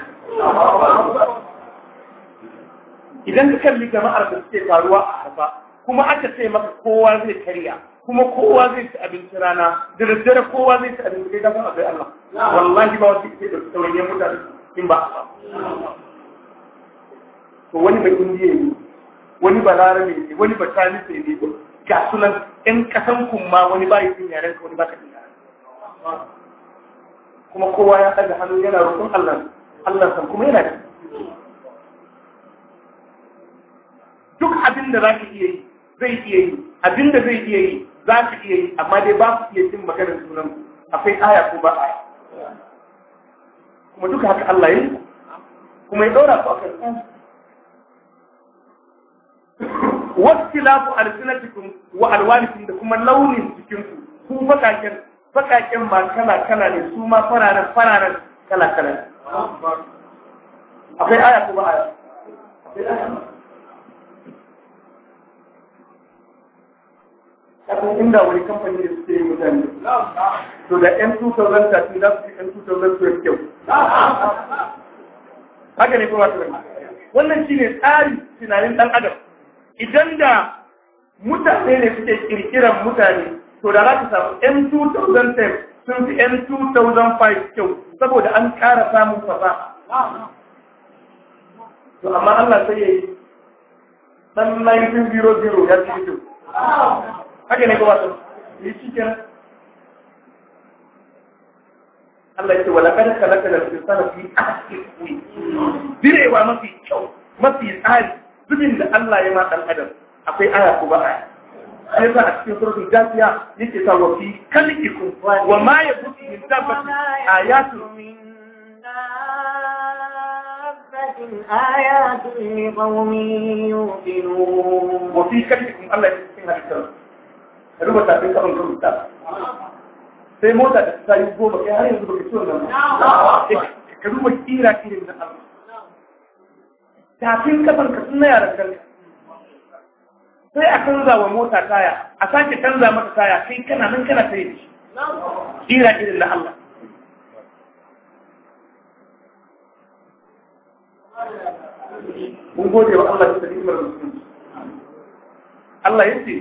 idan ka kalli jama'ar da suke faruwa a haka kuma aka ce maka kowa zai karya kuma kowa zai ci abinci rana da daddare kowa zai ci abinci dai dafa abai Allah wallahi ba wasu ke da sauran yan mutane in ba a ba to wani ba indiya ne wani ba larabe ne wani ba talisa ne ga sunan yan kasan kuma wani ba yi yaren ka wani ba ka yaren kuma kowa ya ɗaga hannu yana roƙon Allah san kuma yana duk abin da za ka iya yi zai iya yi abin da zai iya yi za ka iya yi amma dai ba su iya jin maganar sunan akwai aya ko ba aya kuma duka haka Allah ya yi kuma ya ɗaura ku a kan wasu lafu alsinatikum wa alwanikum da kuma launin jikinku ku fakakken baƙaƙen ba kala-kala ne su ma fararen fararen kala-kala ne akwai aya ko ba aya akwai inda wani kamfani da suke yi mutane to da 'yan 2013 za su fi 'yan 2012 kyau haka ne kuma tunani wannan shi ne tsari tunanin ɗan adam idan da mutane ne suke ƙirƙiran mutane to da za samu yan 2010 sun fi yan 2005 kyau saboda an ƙara samun fasa. to amma Allah sai ya yi ɗan 1900 ya ci kyau. haka ne kuma sun yi cikin Allah ya ce wala kada kalaka da su sana fi ake kuyi birewa mafi kyau mafi tsari zubin da Allah ya ma ɗan adam akwai aya ko ba aya sai za a cikin suratul jafiya yake sa wa fi kalkikum wa ma yabutu min dabbatin ayatun آيات لقوم يوقنون وفي كلمكم الله يسكنها الكرم ruba ta kafin kaban rubuta sai mota da ta yi goma kai har yanzu baka ciwon nan ka duba kira irin na Allah tafin kafan ka suna yaran kanka sai a canza wa mota taya a sake canza mata taya sai kana nan kana sai da shi ira irin na Allah mun gode wa Allah da ni'imar musulunci Allah yace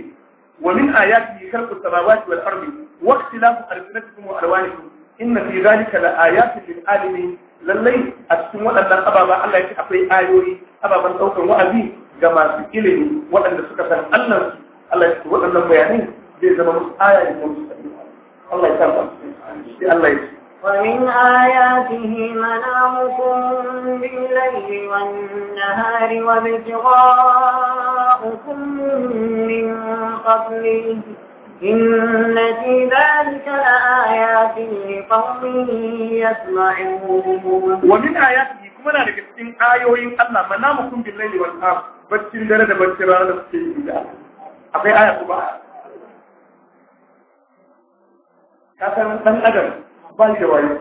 wa min ayati khalqu samawati wal ardi wa ikhtilafu alsinatikum wa alwanikum inna fi dhalika la ayatin lil alimin lallai a cikin waɗannan ababa Allah yake akwai ayoyi ababan daukar wa'azi ga masu ilimi waɗanda suka san Allah su Allah ya waɗannan bayanai zai zama musu aya ne musu Allah ya sa sai Allah ya ومن آياته منامكم بالليل والنهار وابتغاءكم من قبله إن في ذلك لآيات لقوم يسمعون ومن آياته muna daga cikin ayoyin Allah namu kun bin laili wal am baccin dare da baccin rana da suke yi da akwai aya ku ba ka san dan adam ba shi wayo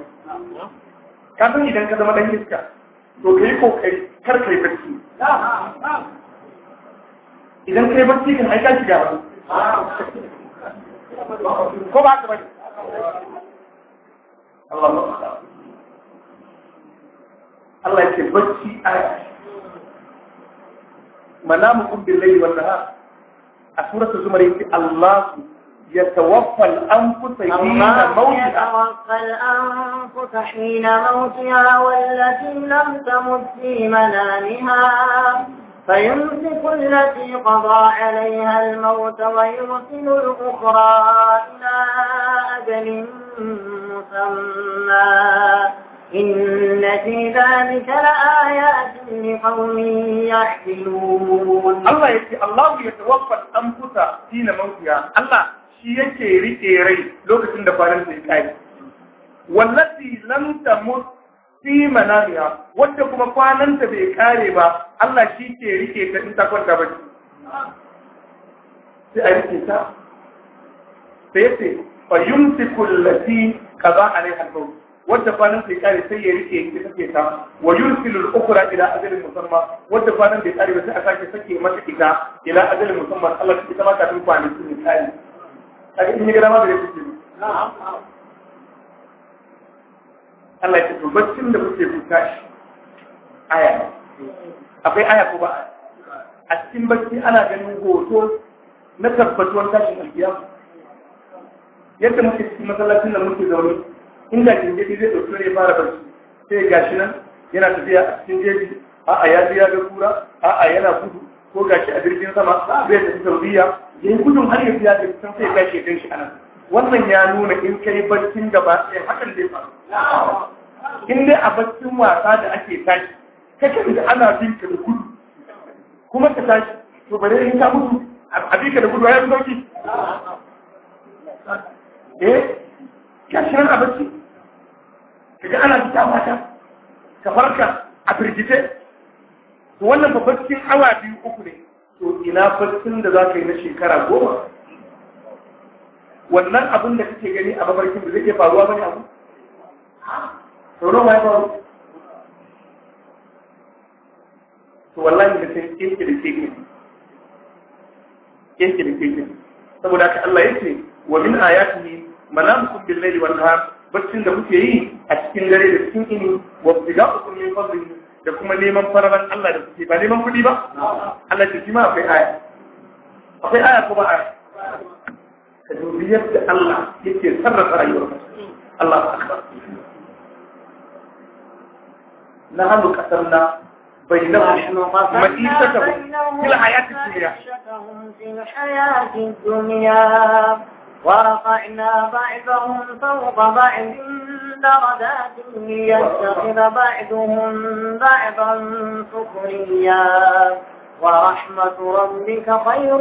ka san idan ka zama dan iska to kai ko kai kar kai bacci idan kai bacci kan aika shiga ba ko ba ka ba Allah Allah Allah ya bacci aya manamu kun layli wan nahar a suratul zumar Allah يتوفى الأنفس حين موتها الأنفس حين موتها والتي لم تمت في منامها فيمسك التي قضى عليها الموت ويرسل الأخرى إلى أجل مسمى إن في ذلك لآيات لقوم يحسنون الله يتي الله يتوفى الأنفس حين موتها الله shi yake rike rai lokacin da kwanan sai kai wallati lam tamut fi manamiha wanda kuma kwananta bai kare ba Allah shi ke rike ta in ta kwanta sai a rike ta sai yace fa yumsiku allati qada alaiha al-maut wadda fanan bai kare sai ya rike ita take ta wa yursilu al-ukhra ila ajalin musamma wadda fanan bai kare sai a sake sake mata ita ila ajalin musamma Allah ita ma ta tuka ne cikin kai kaga in ga ma bai yake na'am Allah ya tuba cin da kuke kuka shi aya akwai aya ko ba a cikin bacci ana ganin hoto na tabbatuwar tashin alkiyama yadda muke cikin masallacin da muke zaune inda gingiri zai ɗauki ne fara barci sai gashi nan yana tafiya a cikin jeji a'a ya ji ya ga kura a'a yana gudu ko gashi a jirgin sama a bai tafi saudiya ya yi gudun har ya ya da kusan sai gashi ya gan shi anan wannan ya nuna in kai barcin gaba ɗaya hakan zai faru in dai a barcin wasa da ake tashi kake da ana bin ka da gudu kuma ka tashi to bare in ka mutu a bi ka da gudu ya fi sauki eh gashi nan a bacci. kaga ana fita fata ka farka a firgice to wannan babban cikin awa biyu uku ne to ina farkin da za ka yi na shekara goma wannan abin da kake gani a mafarkin da zai iya faruwa bane abu sauro ma ya faru to wallahi da sai kinki da kinki kinki da kinki saboda haka Allah yake wa min ayatihi manamukum bil-laili wan-nahar baccin da kuke yi a cikin dare da cikin ini wa bida'ukum min fadlihi da kuma neman fararan Allah da kuke ba neman kuɗi ba Allah ce kima akwai aya akwai aya ko ba aya ka dubi yadda Allah yake sarrafa rayuwar Allah ka. na hannu kasar na بينهم معيشتهم في الحياة الدنيا ورفعنا بعضهم فوق بعض درجات ليتخذ بعضهم بعضا سخريا ورحمة ربك خير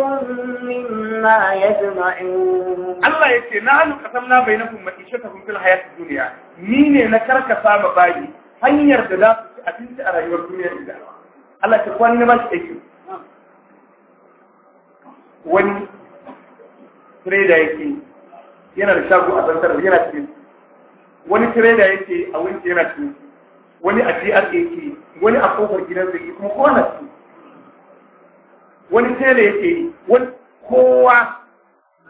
مما يجمعون الله يكي نحن قسمنا بينكم معيشتكم في الحياة الدنيا مين نكرك سام باي hanyar da za su ci abinci a rayuwar duniya da Allah ta kwanne ba shi aiki wani trader yake yana da shago a zantar yana cikin wani trader yake a wince yana cikin wani a GRA yake wani a kofar gidan zai kuma kowa na cikin wani tele yake wani kowa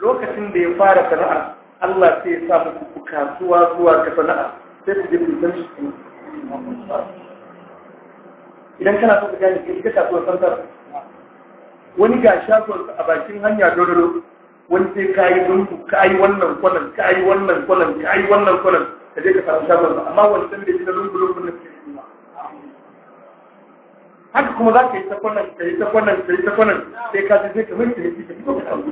lokacin da ya fara sana'a Allah sai ya sa muku kasuwa zuwa ga sana'a sai su je ku san shi idan kana so ka gane ka shiga kasuwar santar wani ga shagon a bakin hanya dodoro wani sai ka yi dunku ka yi wannan kwanan ka yi wannan kwanan ka yi wannan kwanan ka je ka karanta mana amma wani sai shi da lungu lungu na ke yi haka kuma za ka yi ta kwanan ka yi ta kwanan ka yi ta kwanan sai ka je sai ka yi, ya yi ka fito ka samu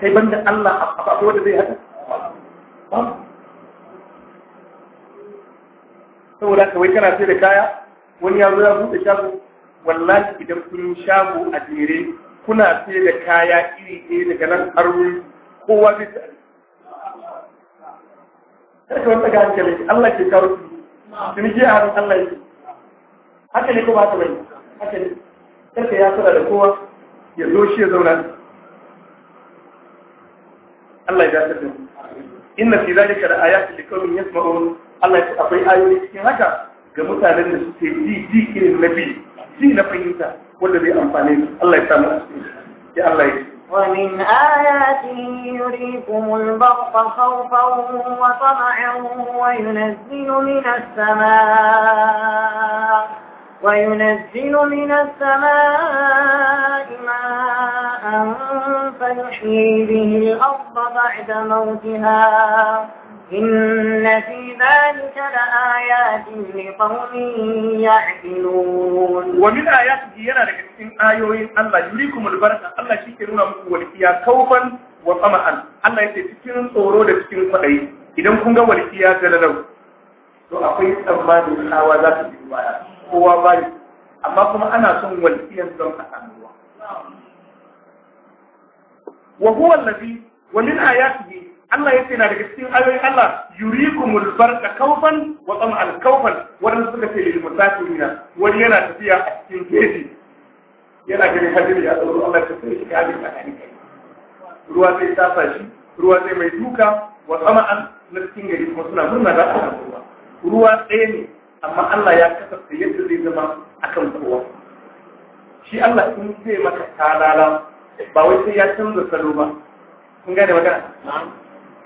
kai banda Allah a faɗo wanda zai haɗa saboda ka wai kana sai da kaya wani ya zo ya buɗe shago wallahi idan kun shago a jere kuna siye da kaya iri ɗaya daga nan arwuri kowa zai ta ka wata ga hankali Allah ke kawo su ni a hannun Allah yake haka ne ko ba ta bai haka ne karka ya sada da kowa ya zo shi ya zauna Allah ya dace da inna fi zalika la ayatin liqaumin yasma'un Allah ya akwai ayoyi cikin haka ga mutanen da suke ji ji irin nabi سينا na والذي wanda الله يتعلم يا الله ya ومن آياته يريكم البرق خوفا وطمعا وينزل من السماء وينزل من السماء ماء فيحيي به الأرض بعد موتها إن في ذلك لآيات لقوم يعقلون ومن آياته ينا لكتن آيوين الله يريكم البركة الله شكرنا ولكيا كوفا وطمعا الله يتكين صورو لكتن فأي إذا كنت ولكيا جلالو to akwai tsammanin hawa za ta yi baya kowa bayi amma سن ana son walƙiyar don a samuwa wa Allah ya ce na daga cikin ayoyin Allah yurikumul barka kaufan wa tam'al kawfan wannan suka ce lil musafirina wani yana tafiya a cikin keji yana ganin hadiri ya tsoro Allah ta sai shi kali a kan kai ruwa zai tafa shi ruwa zai mai duka wa an na cikin gari kuma suna murna da Allah ruwa ruwa ɗaya ne amma Allah ya kasance yadda zai zama akan kowa shi Allah in zai maka talala ba wai sai ya canza salo ba kun gane magana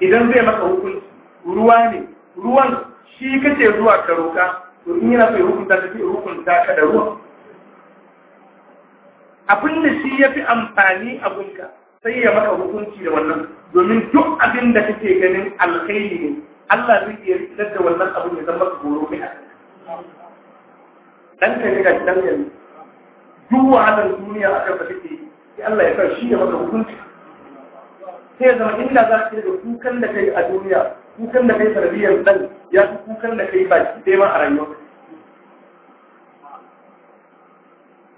idan zai maka hukunci ruwa ne ruwan shi kace zuwa ka roka to in yana so ya hukunta ka sai hukunta ka da ruwan abin da shi ya fi amfani a gunka sai ya maka hukunci da wannan domin duk abin da kake ganin alkhairi ne Allah zai iya fitar da wannan abin ya zama goro mai dan ka ga dan ka duk wahalar duniya aka fa take sai Allah ya sa shi ya maka hukunci sai zama inda za ka da kukan da kai a duniya kukan da kai sanadiyar dan ya fi kukan da kai baki ɗaya ma a rayuwa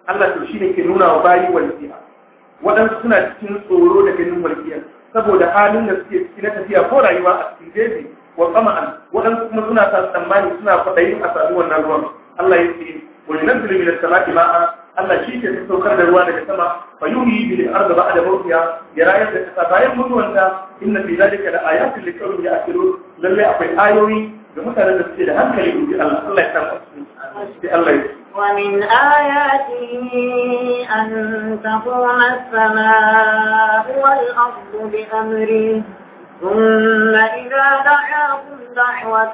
Allah to shi ne ke nuna wa bayi walƙiya waɗansu suna cikin tsoro da ganin walƙiyar saboda halin da suke ciki na tafiya ko rayuwa a cikin jeji wa tsama'an waɗansu kuma suna sa tsammani suna kwaɗayin a samu wannan ruwan Allah ya ce wani nan zulumin da salati ma'a Allah shi ke saukar da ruwa daga sama fa yuhyi bil ardi ba'da mawtiha ya rayar da kasa bayan mutuwanta inna fi zalika la ayatin liqawmin ya'qilun lalle akwai ayoyi ga mutanen da suke da hankali in ji Allah Allah ya sa mu sai Allah an ومن آياته أن تقوم السماء والأرض بأمره ثم إذا دعاكم دعوة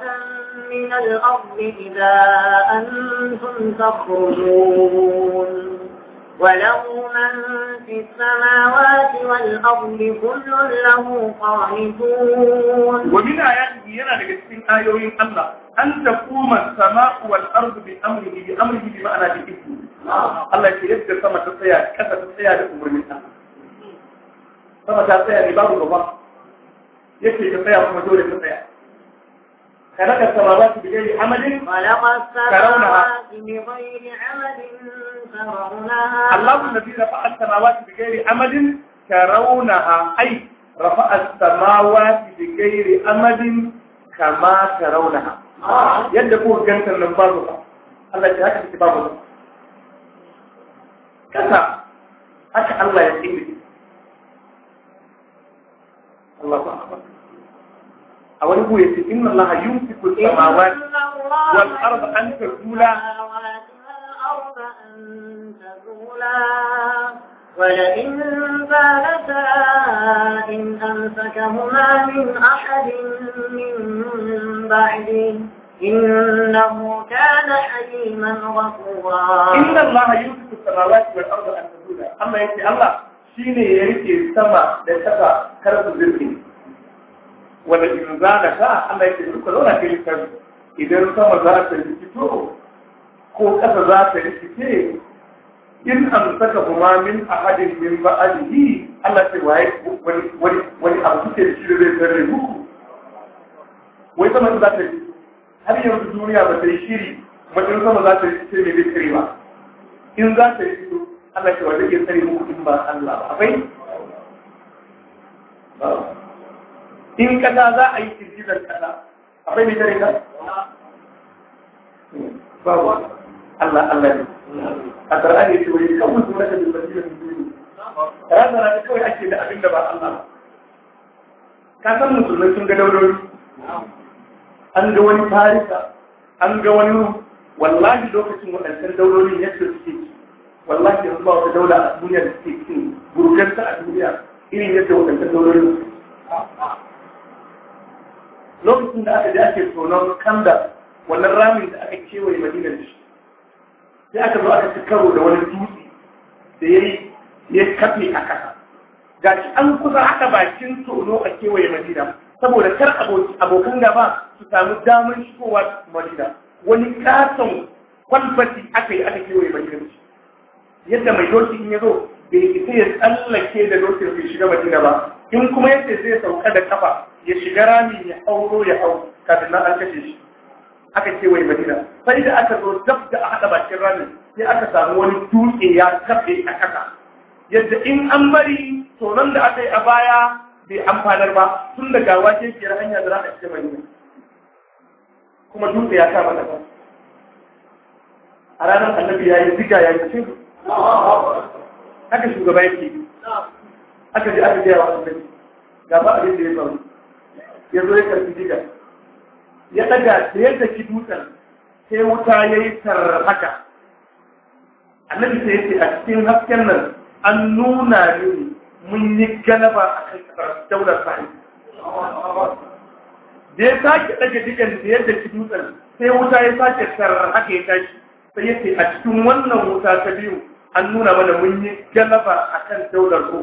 من الأرض إذا أنتم تخرجون وله من في السماوات والأرض كل له قانتون ومن آياته ينا لجسين آيوين الله أن تقوم السماء والأرض بأمره بأمره بمعنى بإذنه الله يبقى سما تسيا كذا تسيا لأمر من أمر سما تسيا لباب الوضع يكفي تسيا ومجول تسيا خلق السماوات بغير عمل ترونها بغير عمل ترونها الله الذي رفع السماوات بغير عمل ترونها أي رفع السماوات بغير عمل كما ترونها yadda kuka gantar nan babu ba Allah ya haka babu ba kasa haka Allah ya tsiri Allahu akbar هو يقول إن الله يمسك السماوات والأرض أن تزولا ولئن بالتا إن أمسكهما من أحد من بعده إنه كان حليما غفورا إن الله يمسك السماوات والأرض أن تزولا أما يأتي الله شيني يريد السماء لتقى كرب الزرقين wanda in zana ka Allah ya ce duka zauna kai kan idan sama za ta rikito ko ƙasa za ta rikice in an saka kuma min ahadin min ba'alihi Allah ce waye wani wani abu suke da shi zai tare muku wai sama za ta yi. har yanzu duniya ba ta yi shiri wajen sama za ta rikice mai zai kare ba in za ta rikice Allah ce wa zai iya tsare muku in ba Allah ba akwai in kasa za a yi girgizar kasa akwai mai tare ka ba Allah Allah ne a tsara ne shi wani kawai zuwa da jirgin da musulmi razana ne kawai ake da abin da ba Allah ka san musulmai sun ga daurori an ga wani farisa an ga wani wallahi lokacin waɗancan daurorin yadda suke wallahi yanzu ba wata daula a duniya da suke cin burgarsa a duniya irin yadda waɗancan daurorin suke lokacin da aka je ake tonon kanda wannan ramin da aka kewaye madinar da shi sai aka zo aka karo da wani dutse da ya yi ya kafe a kasa ga shi an kusa aka bakin tono a kewaye madina saboda kar abokan gaba su sami damar shigowa madina wani katon kwalbati aka yi aka kewaye madina da shi yadda mai doki in ya zo bai isa ya tsallake da dokin bai shiga madina ba in kuma yadda zai sauka da kafa ya shiga rami ya hauro ya hau kafin nan an kashe shi aka ce wai madina sai da aka zo dab da a haɗa bakin ramin sai aka samu wani dutse ya kafe a kasa yadda in an bari tonon da aka yi a baya bai amfanar ba tun da gawa ke hanya da za a cikin madina kuma dutse ya kama da a ranar annabi ya yi ziga ya yi cin haka shugaba yake aka ji aka gaya wa annabi ga ba abin da ya faru ya zo ya karfi diga ya daga da ya daki dutsen sai wuta ya yi haka annabi sai ya ce a cikin hasken nan an nuna mini mun yi galaba a kan kasar daular sahi da ya sake daga digan da ya daki dutsen sai wuta ya sake haka ya tashi sai ya ce a cikin wannan wuta ta biyu an nuna mana mun yi galaba a kan daular ko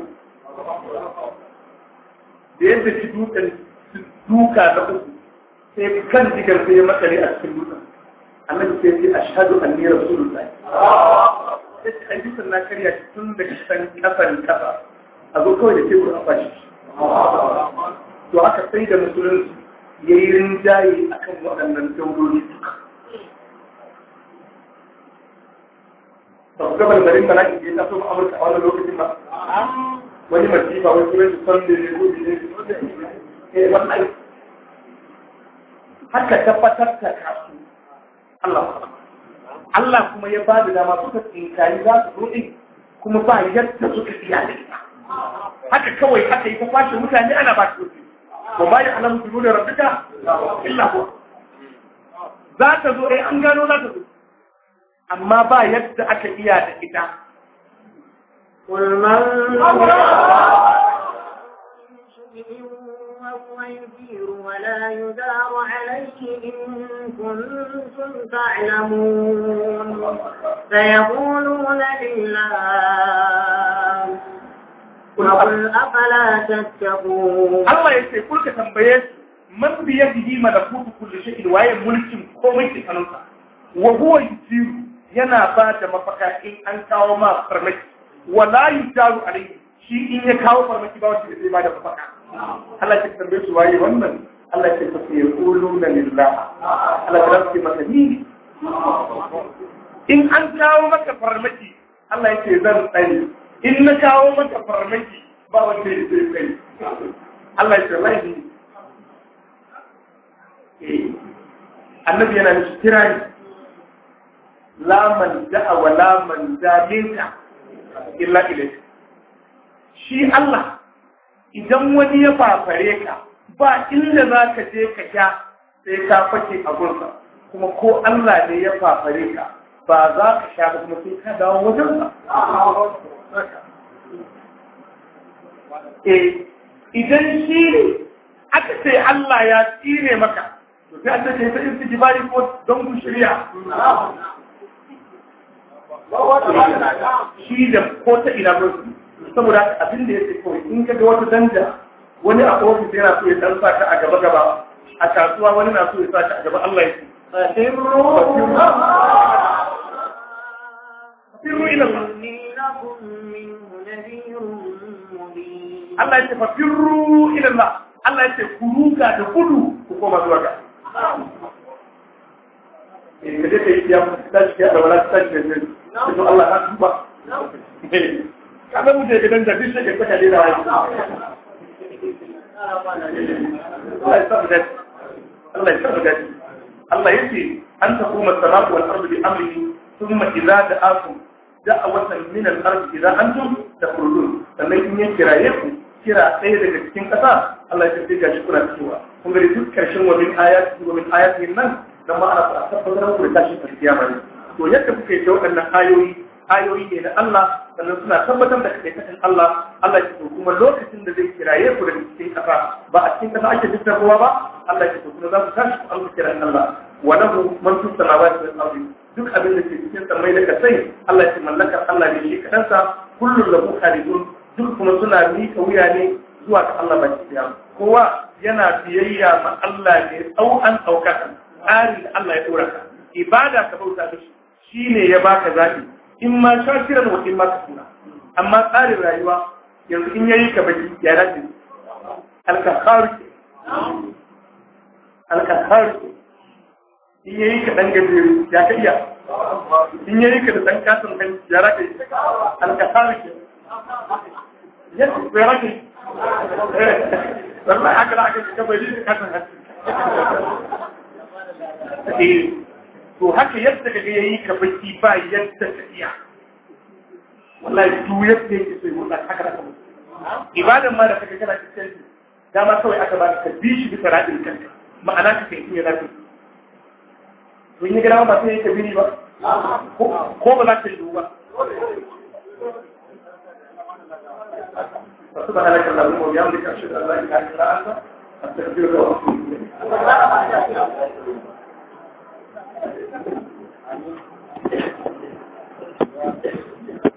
da yadda ki dutsen duka na uku sai kan jigar sai ya makare a cikin dutsen annabi sai ce ashhadu anni rasulullah sai ce an jisan na karya shi tun da kisan kasan kasa a zo kawai da tebur a fashi to haka sai da musulunci ya yi rinjaye a kan waɗannan daudoli duka ba su gabar barin mana in je taso amurka a wani lokacin ba wani masifa wani kuma su san da ne gobe ne Eh, haka tabbatar ta kasu Allah Allah kuma ya ba da dama suka tsinkari za su zo kuma ba yadda suka iya da ita haka kawai aka yi ta fashe mutane ana ba su rufi ba ba yi alamu su nuna rabbika illa ko za ta zo eh an gano za ta zo amma ba yadda aka iya da ita قل من سيقولون لله Allah ya ce, Kulka tambaye man biya hidima da kutu kulle shi waye mulkin komai ke kanunsa, wa huwa yusiru yana ba da mafaka in an kawo ma farmaki, wa la yi jaru shi in ya kawo farmaki ba wacce zai ba da mafaka. Allah ke tambaye su waye wannan Allah ke tafi ya kulu na lillah Allah ke tafi maka ni in an kawo maka farmaki Allah yake zan tsani. in na kawo maka farmaki ba wanda ya zai kai Allah ya ce laifi eh. annabi yana da kira ni la man da'a wa la man da illa ilayka shi Allah idan wani ya fafare ka ba inda za ka je ka sha sai ka fake a gurka, kuma ko Allah ne ya fafare ka ba za ka sha ba kuma sai ka dawo wajen ba. eh idan shi ne aka ce Allah ya tsire maka to sai an ce ta jibari ko don shirya. shi da ko ta Ina mutum saboda abin da yake kawai in ka wata danja wani a ofis yana so ya dan sa ka a gaba gaba a kasuwa wani na so ya sa ka a gaba Allah ya ce sirru ila Allah ya ce fa firru ila Allah Allah ya ce kuruka da kudu ku koma zuwa ga eh kaje kai ya tashi ya da wala tashi ne Allah ya tuba ka san mutum gidan da duk shekar saka lera wani Allah ya sabu gadi Allah ya sabu gadi Allah ya ce an ta kuma samatu wal ardu bi amrihi thumma idza da'akum da'awatan min al ardu idza antum takhrujun sannan in ya kira ku kira ɗaya daga cikin ƙasa Allah ya tafi ga shi kuna cewa kun ga duk karshen wa min ayati wa min ayati nan dan ma ana tabbatar muku da tashin alkiyama ne to yadda kuke ta waɗannan ayoyi ayoyi ne da Allah sannan suna tabbatar da kaɗaikatan Allah Allah ke kuma lokacin da zai kiraye ku daga cikin ƙasa ba a cikin ƙasa ake fitar kowa ba Allah ke kuma za ku tashi ku an kiran Allah wa lahu man fi samawati wal ardi duk abin da ke cikin samai da kasai Allah ke mallakar Allah ne shi kadansa kullu lahu khalidun duk kuma suna ka wuya ne zuwa ga Allah baki daya kowa yana biyayya ma Allah ne au an aukaka tsarin da Allah ya dora ibada ka bauta shi shine ya baka zabi in ma shakiran wa in ma kafuna amma tsarin rayuwa yanzu in yayi ka baki ya dace alkakharu alkakharu in yayi ka dan gajere ya ka iya in yayi ka da dan katon kan ya raka yi ke yes ya raka eh, wallahi haka da aka ka bari da katon hanci eh. to haka yadda ka yayi ka baki ba yadda ka iya wallahi duk yadda yake so wallahi haka da kuma ibadan ma da kaga kana cikin dama kawai aka ba ka bi shi bisa radin kanka ma'ana ka kai iya radin to in ga ba sai ka biri ba ko ba za ka yi ba سبحانك اللهم وبحمدك اشهد ان لا اله الا انت استغفرك واتوب اليك Thank you.